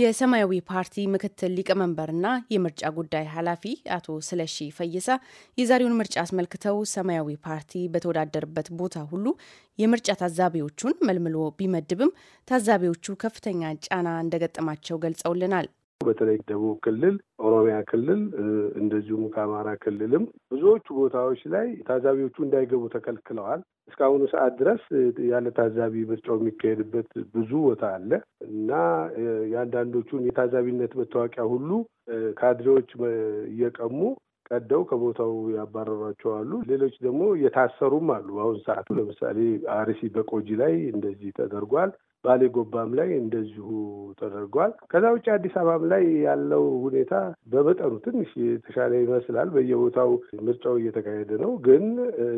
የሰማያዊ ፓርቲ ምክትል ሊቀመንበርና የምርጫ ጉዳይ ኃላፊ አቶ ስለሺ ፈይሳ የዛሬውን ምርጫ አስመልክተው ሰማያዊ ፓርቲ በተወዳደርበት ቦታ ሁሉ የምርጫ ታዛቢዎቹን መልምሎ ቢመድብም ታዛቢዎቹ ከፍተኛ ጫና እንደገጠማቸው ገልጸውልናል። በተለይ ደቡብ ክልል፣ ኦሮሚያ ክልል እንደዚሁም ከአማራ ክልልም ብዙዎቹ ቦታዎች ላይ ታዛቢዎቹ እንዳይገቡ ተከልክለዋል። እስካሁኑ ሰዓት ድረስ ያለ ታዛቢ ምርጫው የሚካሄድበት ብዙ ቦታ አለ እና የአንዳንዶቹን የታዛቢነት መታወቂያ ሁሉ ካድሬዎች እየቀሙ ቀደው ከቦታው ያባረሯቸው አሉ። ሌሎች ደግሞ የታሰሩም አሉ። በአሁኑ ሰዓቱ ለምሳሌ አርሲ በቆጂ ላይ እንደዚህ ተደርጓል። ባሌ ጎባም ላይ እንደዚሁ ተደርጓል። ከዛ ውጭ አዲስ አበባም ላይ ያለው ሁኔታ በመጠኑ ትንሽ የተሻለ ይመስላል። በየቦታው ምርጫው እየተካሄደ ነው። ግን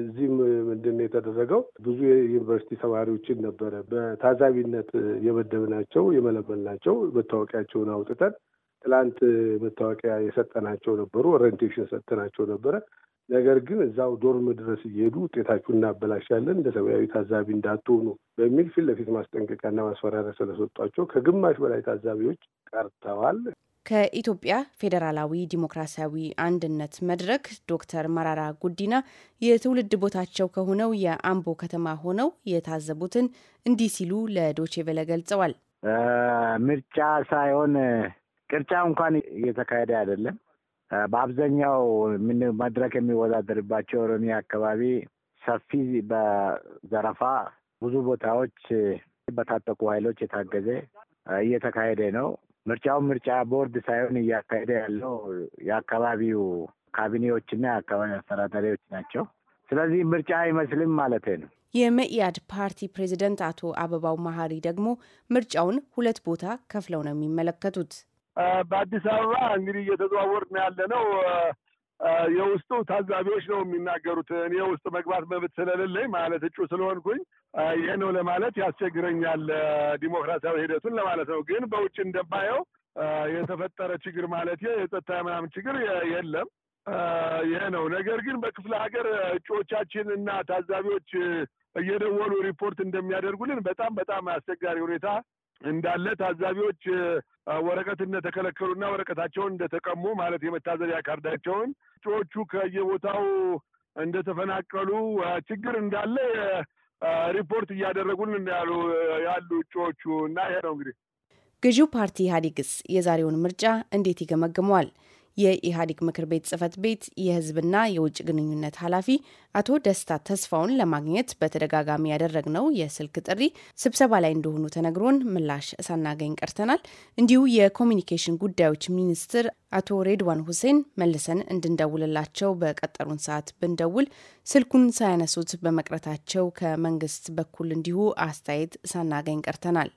እዚህም ምንድን ነው የተደረገው? ብዙ የዩኒቨርሲቲ ተማሪዎችን ነበረ በታዛቢነት የመደብናቸው የመለመልናቸው መታወቂያቸውን አውጥተን ትላንት መታወቂያ የሰጠናቸው ነበሩ፣ ኦሬንቴሽን ሰጠናቸው ነበረ። ነገር ግን እዛው ዶርም ድረስ እየሄዱ ውጤታችሁ እናበላሻለን እንደ ሰብአዊ ታዛቢ እንዳትሆኑ በሚል ፊት ለፊት ማስጠንቀቂያና ማስፈራሪያ ስለሰጧቸው ከግማሽ በላይ ታዛቢዎች ቀርተዋል። ከኢትዮጵያ ፌዴራላዊ ዲሞክራሲያዊ አንድነት መድረክ ዶክተር መራራ ጉዲና የትውልድ ቦታቸው ከሆነው የአምቦ ከተማ ሆነው የታዘቡትን እንዲህ ሲሉ ለዶቼ ቬለ ገልጸዋል። ምርጫ ሳይሆን ቅርጫ እንኳን እየተካሄደ አይደለም። በአብዛኛው መድረክ የሚወዳደርባቸው ኦሮሚያ አካባቢ ሰፊ በዘረፋ ብዙ ቦታዎች በታጠቁ ኃይሎች የታገዘ እየተካሄደ ነው። ምርጫውን ምርጫ ቦርድ ሳይሆን እያካሄደ ያለው የአካባቢው ካቢኔዎችና የአካባቢ አስተዳዳሪዎች ናቸው። ስለዚህ ምርጫ አይመስልም ማለት ነው። የመኢአድ ፓርቲ ፕሬዚደንት አቶ አበባው መሀሪ ደግሞ ምርጫውን ሁለት ቦታ ከፍለው ነው የሚመለከቱት። በአዲስ አበባ እንግዲህ እየተዘዋወር ነው ያለ ነው። የውስጡ ታዛቢዎች ነው የሚናገሩት። እኔ ውስጥ መግባት መብት ስለሌለኝ ማለት እጩ ስለሆንኩኝ ይህ ነው ለማለት ያስቸግረኛል፣ ዲሞክራሲያዊ ሂደቱን ለማለት ነው። ግን በውጭ እንደማየው የተፈጠረ ችግር ማለት የጸጥታ ምናምን ችግር የለም። ይሄ ነው ነገር ግን በክፍለ ሀገር እጩዎቻችን እና ታዛቢዎች እየደወሉ ሪፖርት እንደሚያደርጉልን በጣም በጣም አስቸጋሪ ሁኔታ እንዳለ ታዛቢዎች ወረቀት እንደተከለከሉና ወረቀታቸውን እንደተቀሙ ማለት የመታዘቢያ ካርዳቸውን እጩዎቹ ከየቦታው እንደተፈናቀሉ ችግር እንዳለ ሪፖርት እያደረጉን ያሉ ያሉ እጩዎቹ እና ይሄ ነው እንግዲህ ገዢው ፓርቲ ኢህአዴግስ የዛሬውን ምርጫ እንዴት ይገመግመዋል? የኢህአዴግ ምክር ቤት ጽህፈት ቤት የህዝብና የውጭ ግንኙነት ኃላፊ አቶ ደስታ ተስፋውን ለማግኘት በተደጋጋሚ ያደረግነው የስልክ ጥሪ ስብሰባ ላይ እንደሆኑ ተነግሮን ምላሽ ሳናገኝ ቀርተናል። እንዲሁ የኮሚኒኬሽን ጉዳዮች ሚኒስትር አቶ ሬድዋን ሁሴን መልሰን እንድንደውልላቸው በቀጠሩን ሰዓት ብንደውል ስልኩን ሳያነሱት በመቅረታቸው ከመንግስት በኩል እንዲሁ አስተያየት ሳናገኝ ቀርተናል።